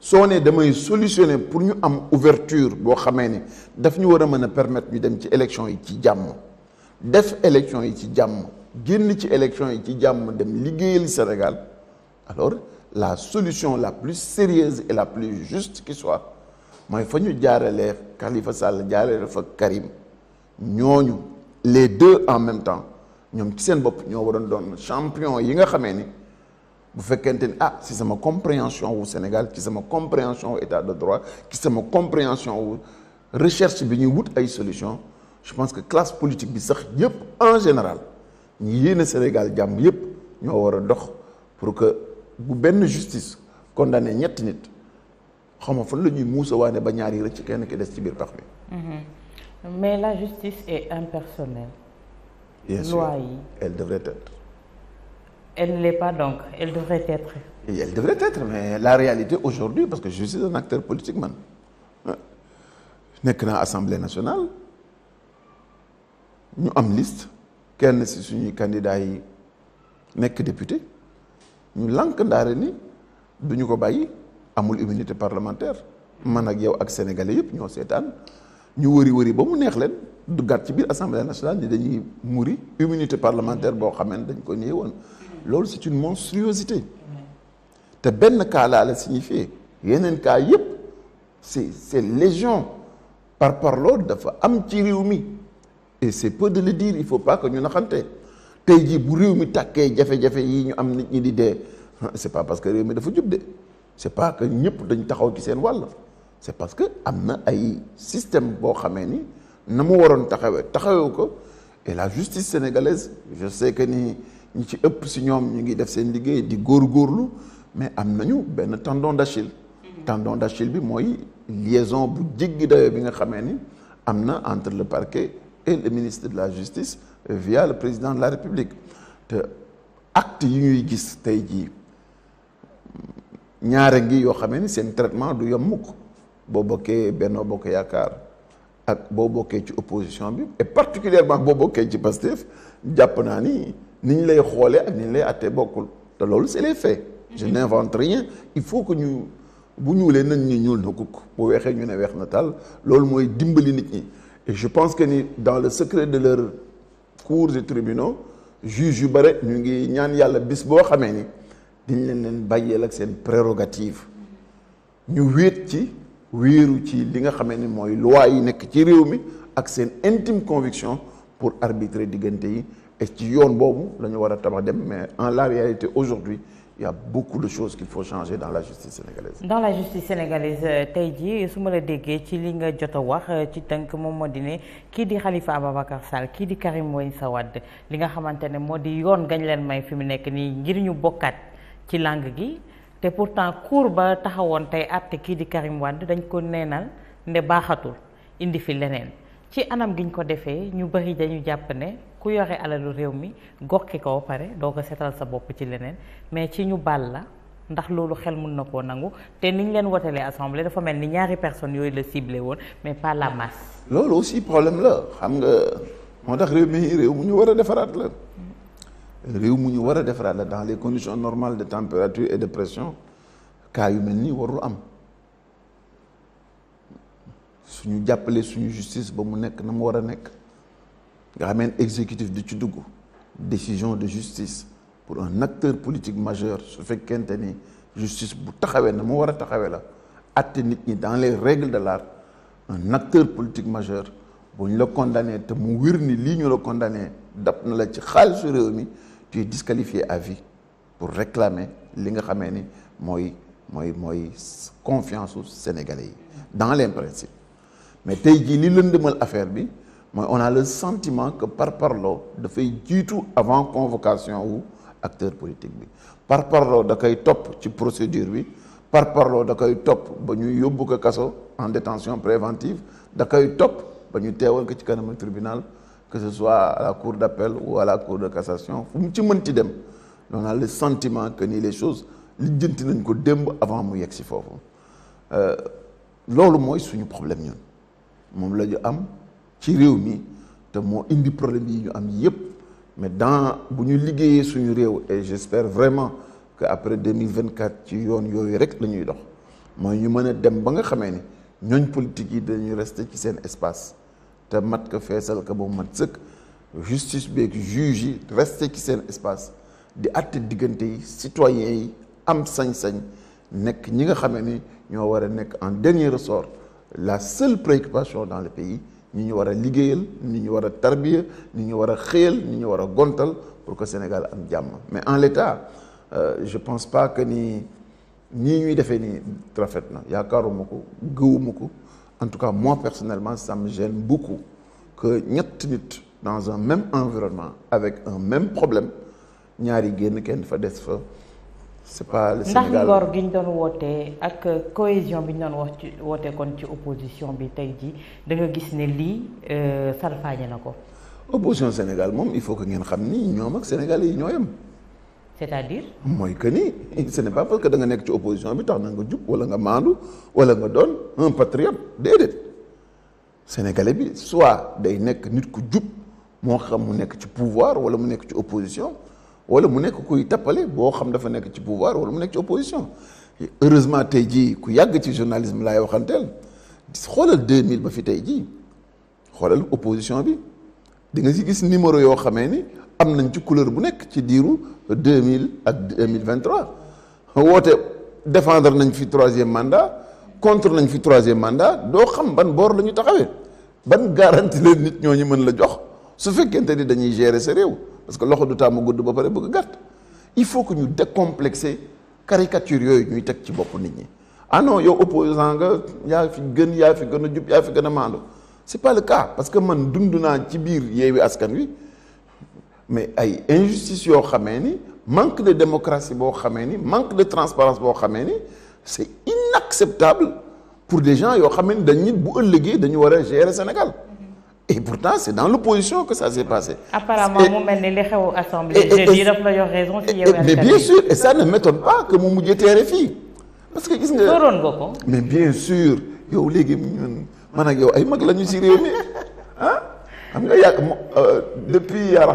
soo nee damay solutionner pour ñu am ouverture boo xamee ne daf ñu war a mën a permettre ñu dem ci élection yi ci jàmm def élection yi ci jàmm génn ci élection yi ci jàmm dem liggéeyal Sénégal alors la solution la plus sérieuse et la plus juste qui soit mooy fa ñu jaaralee kalifa sàll jaarale fa Karim ñooñu les deux en même temps ñoom ci seen bopp ñoo waroon doon champion yi nga xamee ni bu fekkente ni ah si sama compréhension wu Sénégal ci sama compréhension wu état de droit ci sama compréhension wu recherche bi ñuy wut ay solution je pense que classe politique bi sax yëpp en général ñu yéene Sénégal jàmm yëpp ñoo war a dox pour que bu benn justice condamné ñetti nit xaw ma fan la ñuy muusawaane ba ñaar yi ci kenn ki des ci biir pax bi. Mm-hmm. mais la justice est impersonnelle. bien sûr elle devrait être. Elle ne donc, elle être. mais la réalité aujourd'hui, parce que je suis un acteur politique, man. nekk naa assemblée nationale ñu am liste kenn si suñuy candidats yi nekk député ñu lank ndaare ni duñu ko bàyyi amul immunité parlementaire man ak yow ak sénégalais yëpp ñoo seetaan ñu wëri wëri ba mu neex leen duggaat ci biir assemblée nationale ni dañuy muri immunité parlementaire boo xamee dañ ko néewoon loolu c'est une monstruosité te benn cas laa la signifié yeneen kaa yëpp c'est c'est légion par parloo dafa am ci réew mi et c'est peu de le dire il faut pas que ñu naxante tey jii bu réew mi tàkkee jafe-jafe yi ñu am nit ñi di dee c'est pas parce que réew mi dafa jub de c'est pas que ñëpp dañu taxaw ci seen walla c'est parce que am na ay système boo xamee ni na mu waroon taxawee taxawewu ko et la justice sénégalaise je sais que ni ñu ci ëpp si ñoom ñu ngi def seen liggéey di góor góorgóorlu mais am nañu benn tendon d'Achille mm-hmm. tendon d'Achille bi mooy liaison bu jéggi dayoo bi nga xamee ni am na entre le parquet et le ministre de la justice via le président de la république te acte yu ñuy gis tey jii ñaare ngi yoo xamee ni seen traitement du yom mukk boo bokkee Benno Bokk Yaakaar ak boo bokkee ci opposition bi et particulièrement boo bokkee ci Pastef jàpp naa ni ni ñu lay xoolee ak ni ñu lay attee bokkul te loolu c'est les faits je mhm. n'invente rien il faut que ñu bu ñuulee nañ ñi ñuul na kukk bu weexee ñu ne weex na taal loolu mooy dimbali nit ñi et je pense que ni dans le secret de leurs cours et tribunaux juges yu bare ñu ngi ñaan yàlla bis boo xamee ni dañ leen leen bàyyeel ak seen prérogative ñu wéet ci wéeru ci li nga xamee ni mooy loi yi nekk ci réew mi ak seen intime conviction pour arbitrer diggante yi ci yoon boobu lañu war a tabax dem mais en la réalité aujourd'hui il y a beaucoup de choses qu'il faut changer dans la justice sénégalaise. dans la justice sénégalaise euh, tey jii su ma la déggee ci li nga jot wax euh, ci tënk moom moo di ne kii di Khalifa Ababacar Sall kii di Karim Meïssa Wade li nga xamante ne moo di yoon gañ leen may fi mu nekk nii ngir ñu bokkaat ci langue gi te pourtant cour ba taxawoon tey àtte kii di Karim Wade dañ ko neenal ne baaxatul indi fi leneen ci anam gi ko defee ñu bëri dañu jàpp ne. ku yore alalu réew mi gokki ko ba pare doo ko seetal sa bopp ci leneen mais ci ñu baal la ndax loolu xel mun na koo nangu te ni ñu leen wotalee assemblée dafa mel ni ñaari personne yooyu la ciblé woon mais pas la masse. loolu aussi problème la xam nga moo tax réew mi réew mu ñu war a defaraat la réew mu ñu war a defaraat la dans les conditions normales de température et de pression cas yu mel nii warul am suñu jàppale suñu justice ba mu nekk na mu war a nekk. nga xameen exécutif di ci dugg décision de justice pour un acteur politique majeur su fekkente ni justice bu taxawee na mu war a taxawee la atte nit ñi dans les règles de l'art un acteur politique majeur bu ñu la condamné te mu wér ni lii ñu la condamné dab na la ci xaalisu réew mi tu es disqualifié à vie pour réclamer li nga xamee ni mooy mooy mooy confiance su sénégalais yi dans les principes mais tey jii li lëndëmal affaire bi mooy on a le sentiment que parparloo dafay jiitu avant convocation wu acteur politique bi par parparloo da koy topp ci procédure bi parparloo da koy topp ba ñu yóbbu ko kaso en détention préventive da koy topp ba ñu teewal ko ci kanamu tribunal que ce soit à la cour d'appel ou à la cour de cassation fu mu ci mënti dem on a le sentiment que nii les choses lijjanti nañ ko démb avant mu yegg si foofu euh, loolu mooy suñu problème ñun moom la ñu am ci réew mi te moo indi problème yi ñu am yépp mais dans bu ñu liggéeyee suñu réew et j'espère vraiment que après deux mille vingt quatre ci yoon yooyu rek la ñuy dox mooy ñu mën a dem ba nga xamee ni ñooñ politique yi dañuy rester ci seen espace te mat ko feesal ko ba mat sëkk justice beeg juge yi reste ci seen espace di àtte diggante yi citoyens yi am sañ-sañ nekk ñi nga xamee ni ñoo war a nekk en dernier ressort la seule préoccupation dans le pays ñi ñu war a liggéeyal ñi ñu war a tarbiya ñi ñu war a xëyal ñi ñu war a gontal pour que Sénégal am jàmm mais en l'état euh, je pense pas que ni nii ñuy defee nii rafet na yaakaaruma ko gëwuma ko en tout cas moi personnellement ça me gêne que ñett nit dans un même environnement avec un même problème ñaari génn kenn fa des fa c'est pas le Sénégal ndax ngor gi ñu doon wootee ak cohésion bi ñu doon wax ci wootee kon ci opposition bi tey jii da gis ne lii euh, salfaañe na ko. opposition Sénégal moom il faut que ngeen xam ni ñoom ak Sénégal yi ñoo yem. c'est-à-dire. mooy que ni ce n'est pas que da nekk ci opposition bi tax na nga jub wala nga maandu wala nga doon un patriote bi soit day nekk nit ku jub moo xam mu nekk ci pouvoir wala mu nekk ci opposition. wala mu nekk kuy tappale boo xam dafa nekk ci pouvoir wala mu nekk ci opposition heureusement tey jii ku yàgg ci journalisme laay waxanteel xoolal 2000 ba fi tey jii xoolal opposition bi di nga si gis numéro yoo xamee ni am nañ ci couleur bu nekk ci diiru mille ak mille 2023 woote defendre nañ fi troisième mandat contre nañ fi troisième mandat doo xam ban boor la ñu taxawee ban garantie leen nit ñu mën la jox su fekkente ni dañuy gérer sa réew parce que loxo du tàmm gudd ba pare bëgg gàtt il faut que ñu décomplexer caricature yooyu ñuy teg ci bopp nit ñi ah non yow opposant nga yaa fi gën yaa fi gën a jub yaa fi gën a maandu c'est pas le cas parce que man dund naa ci biir yeewi askan wi mais ay injustice yoo xamee ni manque de démocratie boo xamee ni manque de transparence boo xamee ni c'est inacceptable pour des gens yoo xamee ni dañ nit bu ëllëgee dañu war a gérer Sénégal et pourtant c' dans l' que ça s' est passé. apparemment mu mel ni li xew assemblée. jeudi daf la jox raison ci Yewwi mais bien sûr et ça ne m'étonne pas que mu mujjee teere fii parce que gis nga. mais bien sûr yow léegi ñun man ak yow ay mag lañu ñu si réew mi ah xam nga yàgg euh, depuis yaa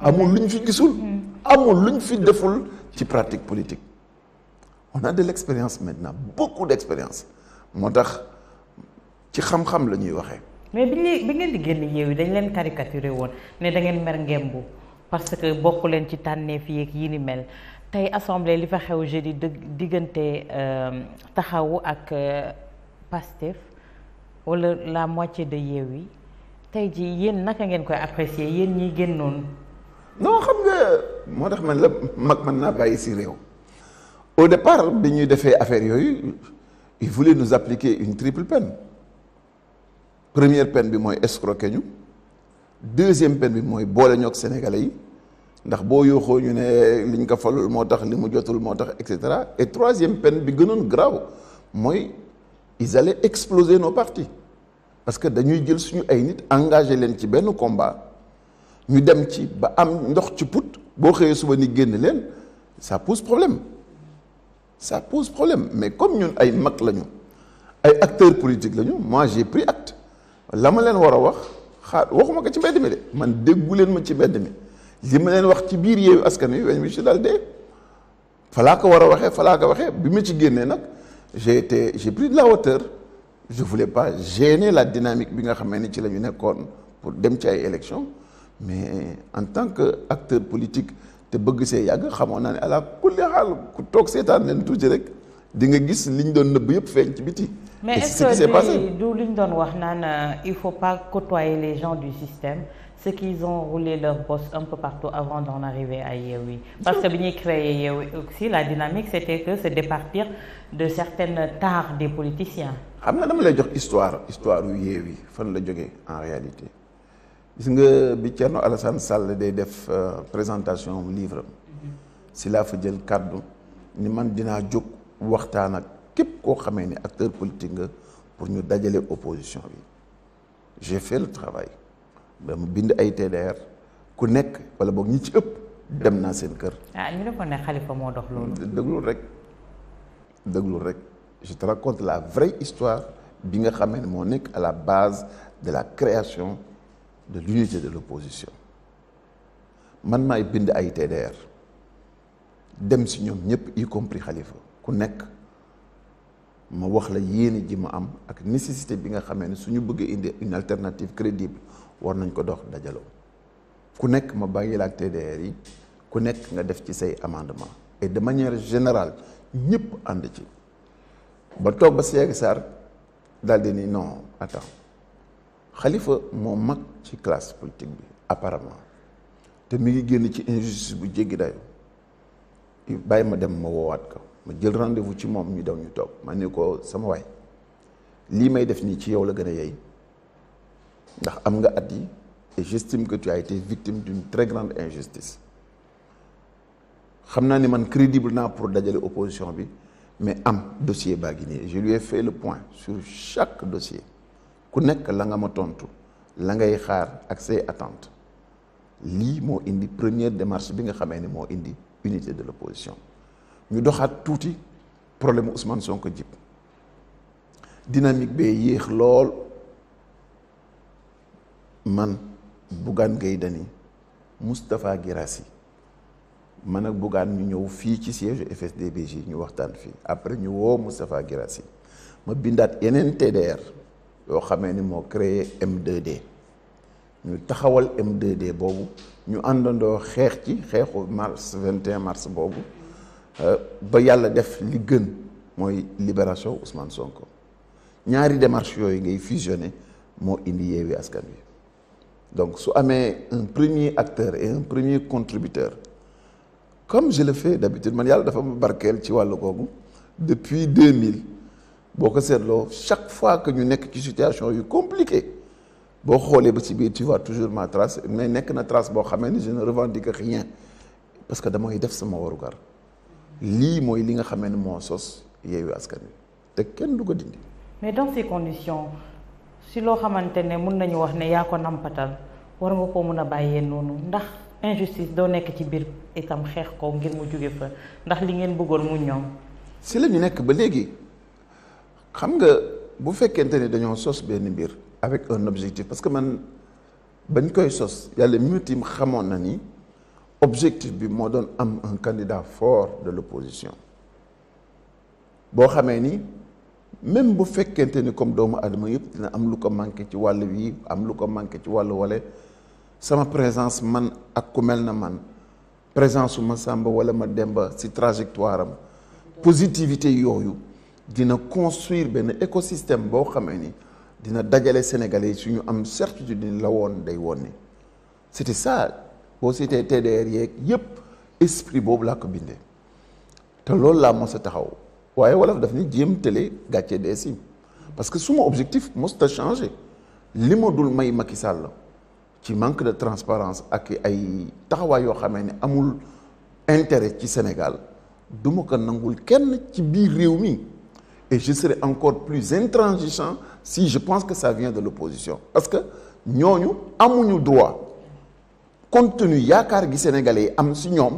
amul lu ñu fi gisul. Hmm. amul lu ñu fi deful ci pratique politique. on a de l' maintenant beaucoup d' expérience moo tax ci xam-xam la ñuy waxee. mais bi ñu bi ngeen di génn Yewwi dañ leen caricaturé woon ne da ngeen mer ngembu parce que bokku leen ci tànneef yeeg yi ni mel tey assemblée li fa xew jeudi dëgg diggante euh, taxawu ak euh, Pastef wala la moitié de yi tey ji yéen naka ngeen koy apprécier yéen ñi génnoon. non xam nga moo tax man la mag man naa bàyyi si réew au départ bi ñuy defee affaire yooyu ils voulaient nous appliquer une triple peine. première peine bi mooy escroquer ñu deuxième peine bi mooy boole ñoog sénégalais yi ndax boo yooxoo ñu ne liñ ko falul moo tax li mu jotul moo tax et cetera et troisième peine bi gënoon grave mooy ils allaient exploser nos partis parce que dañuy jël suñu ay nit engagé leen ci benn combat ñu dem ci ba am ndox ci put boo xëyee suba ni génn leen ça pose problème ça pose problème mais comme ñun ay mag lañu ay acteurs politiques lañu moi pris acte la ma leen war a wax xaar waxuma ko ci mbedd mi de man déggu leen ma ci mbedd mi li ma leen wax ci biir yeewu askan wi weñ mi ci daal dee falaa ko war a waxee falaa ko waxee bi ma ci génnee nag j'ai été j'ai pris de la hauteur je voulais pas gêner la dynamique bi nga xamee ni ci la ñu nekkoon pour dem ci ay élections mais en tant que acteur politique te bëgg see yàgg xamoon naa ne ala kulli xaal ku toog seetaan leen tuuti rek di nga gis liñ doon nëbb yëpp feeñ ci biti. mais est-ce que du liñ doon wax naan euh, il faut pas côtoyer les gens du système ceux qui ont roulé leur bosse un peu partout avant d'en arriver à Yewwi parce que bi ñuy créer Yewwi aussi la dynamique c'était que se départir de certaines tares des politiciens. xam nga dama lay jox histoire histoire yu Yewwi fan la jógee en réalité gis nga bi Thierno Alassane Sall day def euh, présentation livre mhm. si laa fa jël kàddu ni man dinaa jóg. waxtaan ak képp koo xamee ne acteur politique nga pour ñu dajale opposition bi j'ai fait le travail dama bind ay TDR ku nekk wala boog ñi ci ëpp dem naa seen kër. ah ñu ne moo dox loolu. déglul rek déglul rek je te raconte la vraie histoire bi nga xamee ne moo nekk à la base de la création de l'unité de l'opposition man maay bind ay TDR. dem si ñoom ñëpp y compris xalifa ku nekk ma wax la yéene ji ma am ak nécessité bi nga xamee ne suñu bëggee indi une alternative crédible war nañ ko dox dajaloo ku nekk ma bàyyi la ak TDR yi ku nekk nga def ci say amendement et de manière générale ñëpp ànd ci ba toog ba Seydou Sarr daal di ni non attends xalifa moo mag ci classe politique bi apparemment te mu ngi génn ci injustice bu jéggi dayo bàyyi ma dem ma woowaat ko ma jël rendez-vous ci moom ñu daw ñu toog ma ne ko sama waay lii may def nii ci yow la gën a yey ndax am nga at yi et j'estime que tu as été victime d'une très grande injustice xam naa ne man crédible naa pour dajale opposition bi mais am dossier baa ngi nii je lui ai fait le point sur chaque dossier ku nekk la nga ma tontu la ngay xaar ak say attentes lii moo indi première démarche bi nga xamee ne moo indi unité de l'opposition ñu doxaat tuuti problème Ousmane Sonko jib dynamique bee yéex lool man Bougane Gueye Dany girasi Guirassy man ak Bougane ñu ñëw fii ci siège FSD/BJ ñu waxtaan fii après ñu woo Moustapha Guirassy ma bindaat yeneen TDR yoo xamee ni moo créé m ñu taxawal m boobu ñu àndandoo xeex ci xeexu mars 21 mars boobu euh, ba yàlla def li gën mooy libération Ousmane Sonko ñaari démarche yooyu ngay fusionné moo indi Yewwi Askan Wi donc su amee un premier acteur et un premier contributeur comme je le fais d'habitude man yàlla dafa ma barkeel ci wàllu googu depuis 2000 boo ko seetloo chaque fois que ñu nekk ci situation yu compliquée boo xoolee ba ci biir tu vois toujours ma trace mais nekk na trace boo xamee ni je ne revendique rien parce que damay def sama warugar lii mooy li nga xamee ni moo sos yeewu askan wi te kenn du ko dindi. mais dans ces conditions si loo xamante ne mun nañu wax ne yaa ko nampatal war nga koo mun a bàyyee noonu ndax injustice doo nekk ci biir itam xeex ko ngir mu jóge fa ndax li ngeen bëggoon mu ñoom. si la ñu nekk ba léegi xam nga bu fekkente ne dañoo sos benn mbir. avec un objectif parce que man bañ koy sos yàlla mutim xamoon na ni objectif bi moo doon am un candidat fort de l'opposition boo xamee ni même bu fekkente ni comme doomu adama yëpp dina am lu ko manqué ci wàll wi am lu ko manqué ci wàllu wale sama présence man ak ku mel na man présence su ma sàmba wala ma demba si trajectoire am positivité yooyu dina construire benn écosystème boo xamee ni dina dajale Sénégalais yi suñu am certitude ni la woon day woon ni c'était ça boo seetee TDR yeeg yëpp esprit boobu laa ko bindee te loolu laa mos a taxaw waaye wolof daf ni jéem télé gàcce dee sim parce que suma objectif mos ta changé li ma dul may Macky Sall la ci manque de transparence ak ay taxawaay yoo xamee ne amul intéret ci Sénégal du ma ko nangul kenn ci biir réew mi Et je serai encore plus intransigeant si je pense que ça vient de l'opposition parce que ñooñu amuñu droit compte yaakaar gi sénégalais yi am si ñoom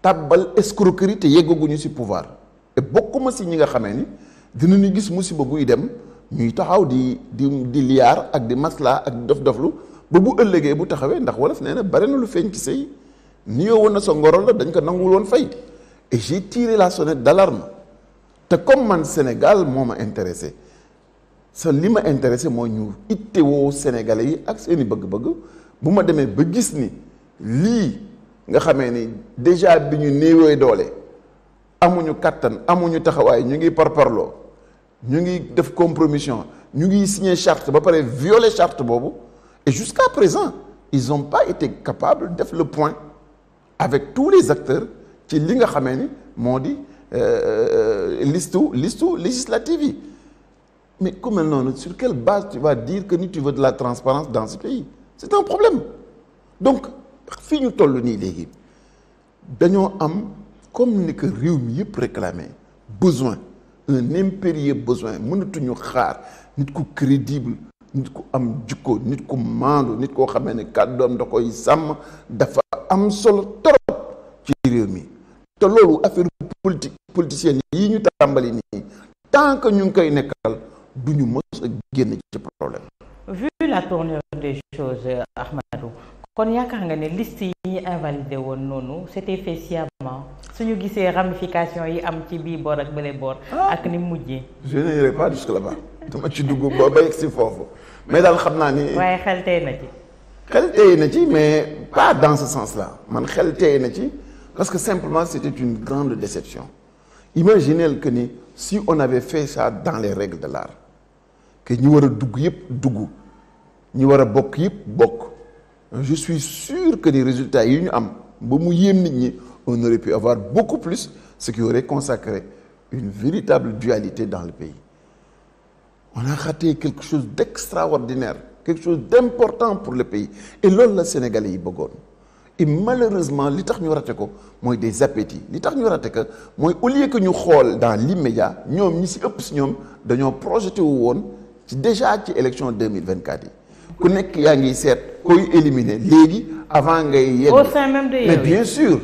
tàbbal escroquerie te yeggaguñu si pouvoir te bokkuma si ñi nga xamee ni ñu gis musiba buy dem ñuy taxaw di di di liyaar ak di masla ak dof doflu ba bu ëllëgee bu taxawee ndax wolof nee na bare na lu feeñ ci sëy ni yoo woon na sa ngoro la dañ ko nanguwul woon fay et j'ai tiré la sonnette na te comme man Sénégal moo ma intéressé sa li ma intéressé mooy ñu ittewoo Sénégalais yi ak seeni bëgg-bëgg bu ma demee ba gis ni lii nga xamee ni déjà bi ñu néewee doole amuñu kàttan amuñu taxawaay ñu ngi parparloo ñu ngi def compromission ñu ngi signé charte ba pare violer charte boobu et jusqu'à présent ils ont pas été capables def le point avec tous les acteurs ci li nga xamee ni moo di Euh, euh, euh, listu listu législative yi mais ku mel noonu sur quelle base tu vas dire que nit tu veux de la transparence dans ce pays c'est un problème donc fi ñu toll nii léegi dañoo am comme ni que réew mi yëpp réclamer besoin un impérieux besoin mënatuñu xaar nit ku crédible nit ku am jikko nit ku maandu nit koo xamee ne kàddoom da koy sàmm dafa am solo torop ci réew mi te loolu affaire politique politicienne yi ñu tàmbali nii tant que ñu ngi koy nekkal du ñu mës génn ci problème. vu la tournure des choses Ahmadou kon yaakaar nga ne liste yi ñu invalidé woon noonu c'était fait su ñu gisee ramification yi am ci bii boor ak bële boor. Ah! ak ni mujjee. je n'irai pas jusque là-bas dama ci dugg ba ba si foofu mais daal xam naa ni. waaye xel tey na ci. xel tey na ci mais pas dans ce sens-là man xel tey na ci. Parce que simplement, c'était une grande déception. Imaginez que ni, si on avait fait ça dans les règles de l'art, que nous aurions dougou, dougou, nous aurions bok, bokk Je suis sûr que les résultats, on aurait pu avoir beaucoup plus, ce qui aurait consacré une véritable dualité dans le pays. On a raté quelque chose d'extraordinaire, quelque chose d'important pour le pays. Et là, le Sénégalais, il et malheureusement li tax ñu rate ko mooy des appétits li tax ñu warate ko mooy au lieu que ñu xool dans l'immédiat ñoom ñi si ëpp si ñoom dañoo projeté wu woon ci déjà ci élection 2024 yi ku nekk yaa ngi seet koy éliminer léegi avant ngay yegg mais bien sûr